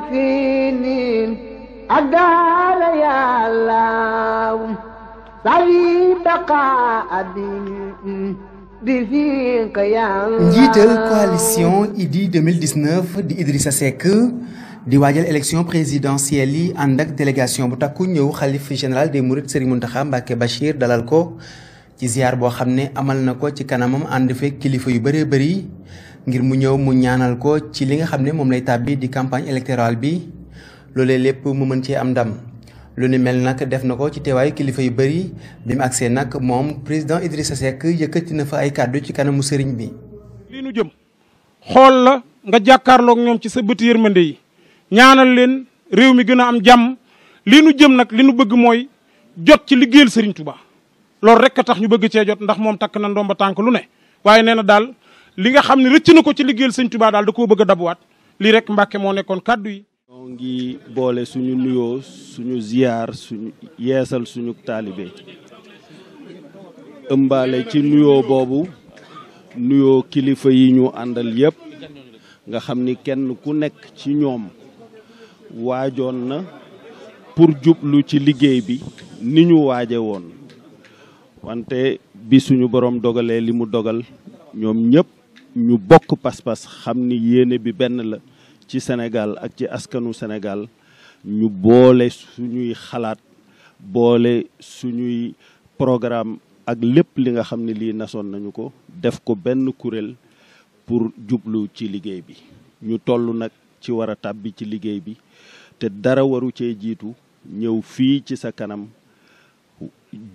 يكفيني يا الله coalition idi 2019 di Idrissa Seck di wajal élection présidentielle yi andak délégation bu takku ñew khalife général des Mourides Serigne Mountakha Mbacké Bachir dalal ko ci ziar bo xamné amal na ci kanamam and fekk kilifa yu bëri ngir mu ñew mu ñaanal ko ci li nga xamne mom lay tabbi di campagne électorale bi lolé lepp mu mën ci am ndam lu ni mel nak def nako ci teewaayu kilifa yu bari bimu accé nak mom président Idrissa Seck yëkëti na fa ay cadeau ci mu sëriñ bi. li ñu jëm xol la nga ak ñom ci sa bëti yërmënde yi ñaanal leen réew mi gëna am jàmm li ñu jëm nak li ñu bëgg moy jot ci liggéeyal sëriñ Touba lool rek tax ñu bëgg ci jot ndax mom tak na ndomba tank lu ne waye neena dal li nga xam ne rëcc na ko ci liggéeyal sëñ tubaa daal da koo bëgg a dabuwaat lii rek Mbàkke moo nekkoon kàddu yi. ñoo ngi boole suñu nuyoo suñu ziyaar suñu yeesal suñu taalibe ëmbaale ci nuyoo boobu nuyoo kilifa yi ñu àndal yépp nga xam ni kenn ku nekk ci ñoom waajoon na pour jublu ci liggéey bi ni ñu waaje woon wante bi suñu boroom dogalee li mu dogal ñoom ñépp ñu bokk pas-pas xam ni yéene bi benn la ci Sénégal ak ci askanu Sénégal ñu boole suñuy xalaat boole suñuy programme ak lépp li nga xam ni lii nasoon nañu ko def ko benn kuréel pour jublu ci liggéey bi ñu toll nag ci war a tàbbi ci liggéey bi te dara waru cee jiitu ñëw fii ci sa kanam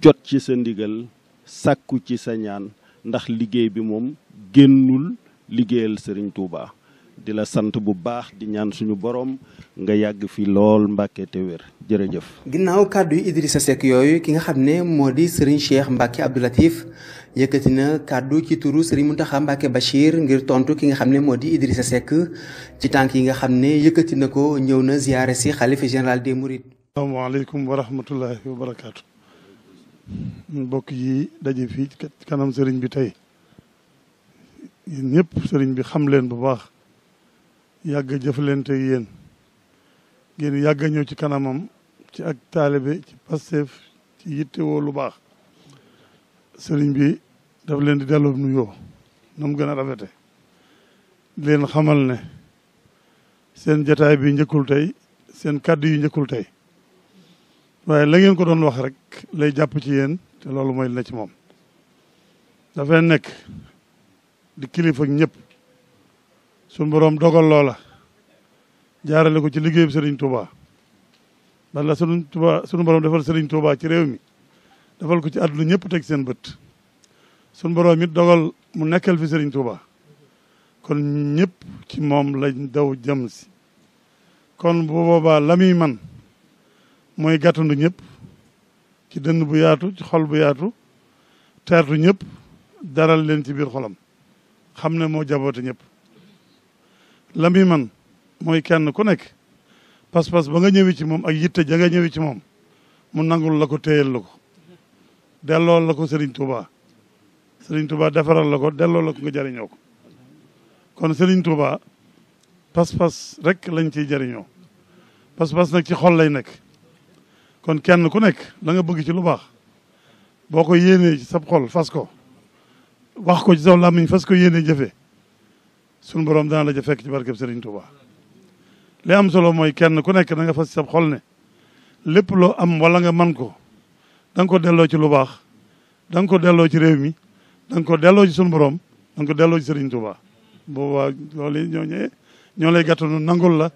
jot ci sa ndigal sàkku ci sa ñaan ndax liggéey bi moom génnul liggéeyal sëriñ Touba di la sant bu baax di ñaan suñu borom nga yàgg fi lool Mbàkke te wér jërëjëf. ginnaaw kàddu yi Idrissa Seck yooyu ki nga xam ne moo di Serigne Cheikh Mbacke Abdou Latif yëkkati na kàddu ci turu Serigne Mountakha Mbacke Bachir ngir tontu ki nga xam ne moo di Idrissa Seck ci tànk yi nga xam ne yëkkati na ko ñëw na ziyaare si xalifa général des Mourides. asalaamaaleykum wa rahmatullahi wa barakaatu. mbokk yi daje fii kanam sëriñ bi tey yéen ñëpp sëriñ bi xam leen bu baax yàgg a jëflante yéen ngeen yàgg ñëw ci kanamam ci ak taalibe ci Pastef ci yittewoo lu baax sëriñ bi daf leen di delloo nuyoo na gën a rafete leen xamal ne seen jataay bi njëkkul tey seen kàddu yi njëkkul tey waaye la ngeen ko doon wax rek lay jàpp ci yéen te loolu mooy na ci moom dafay nekk di kilifa ak ñëpp suñu boroom dogal loola jaarale ko ci liggéeyam Serigne Touba bala sunu Touba sunu boroom defal Serigne Touba ci réew mi defal ko ci àdduna ñëpp teg seen bët sunu boroom it dogal mu nekkal fi Serigne Touba kon ñëpp ci moom lañ daw jëm si kon bu boobaa la man mooy gàttandu ñëpp ci dënn bu yaatu ci xol bu yaatu teertu ñëpp daral leen ci biir xolam xam ne moo jaboote ñëpp la muy man mooy kenn ku nekk pas-pas ba nga ñëwi ci moom ak yitte ja nga ñëwi ci moom mu nangul la ko téyel la ko delloo la ko Serigne Touba sëriñ Touba defaral la ko delloo la ko nga jariñoo ko kon sëriñ Touba pas-pas rek lañ ciy jariñoo pas-pas nag ci xol lay nekk kon kenn ku nekk la nga bëgg ci lu baax boo ko yéenee ci sab xol fas ko wax ko ci saw làmmiñ fas ko yéenee jëfee sunu boroom dana la ja fekk ci barkeb Serigne Touba. li am solo mooy kenn ku nekk na nga fas sab xol ne lépp loo am wala nga man ko danga nga ko delloo ci lu baax danga nga ko delloo ci réew mi da nga ko delloo ci sunu boroom da ko delloo ci Serigne Touba. boobaa loolu ñoo ñoo lay gàttanu nangul la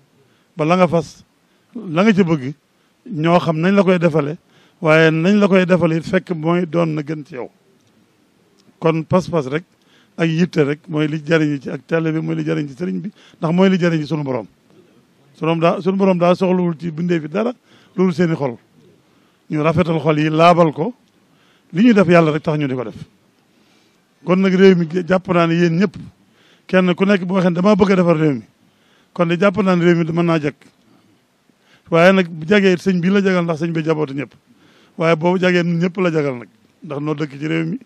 ba la nga fas la nga ci bëgg ñoo xam nañ la koy defale waaye nañ la koy defale it fekk mooy doon na gën ci yow kon pas-pas rek ak yitte rek mooy li jëriñ ci ak télé bi mooy li jëriñ ci sëriñ bi ndax mooy li jëriñ ci sunu borom sunu daa borom daa soxlawul ci bindee fi dara loolu seeni xol ñu rafetal xol yi laabal ko li ñu def yàlla rek tax ñu di ko def kon nag réew mi jàpp naa ne yéen ñëpp kenn ku nekk boo xam ne damaa bëgg a defar réew mi kon de jàpp naa ne réew mi mën naa jekk waaye nag bu jagee sëñ bii la jagal ndax sëñ bi jaboote ñëpp waaye boobu jagee ñun ñëpp la jagal nag ndax noo dëkk ci réew mi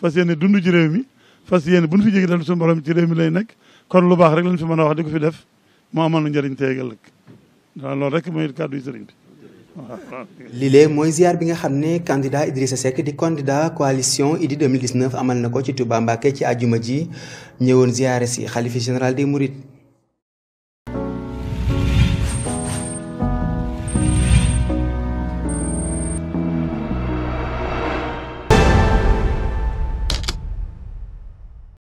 fas yéene dund ci réew mi fas yéene bu ñu fi jéggi dal suñu borom ci réew mi lay nekk kon lu baax rek lañ fi mën a wax di ko fi def mu amal nu njëriñ teegal nag waaw loolu rek mooy kàddu yi sëriñ bi lile mooy ziar bi nga xam ne candidat Idrissa Seck di candidat coalition Idy 2019 amal na ko ci Touba Mbacké ci àjjuma ji ñëwoon ziare si xalifa général des Mourides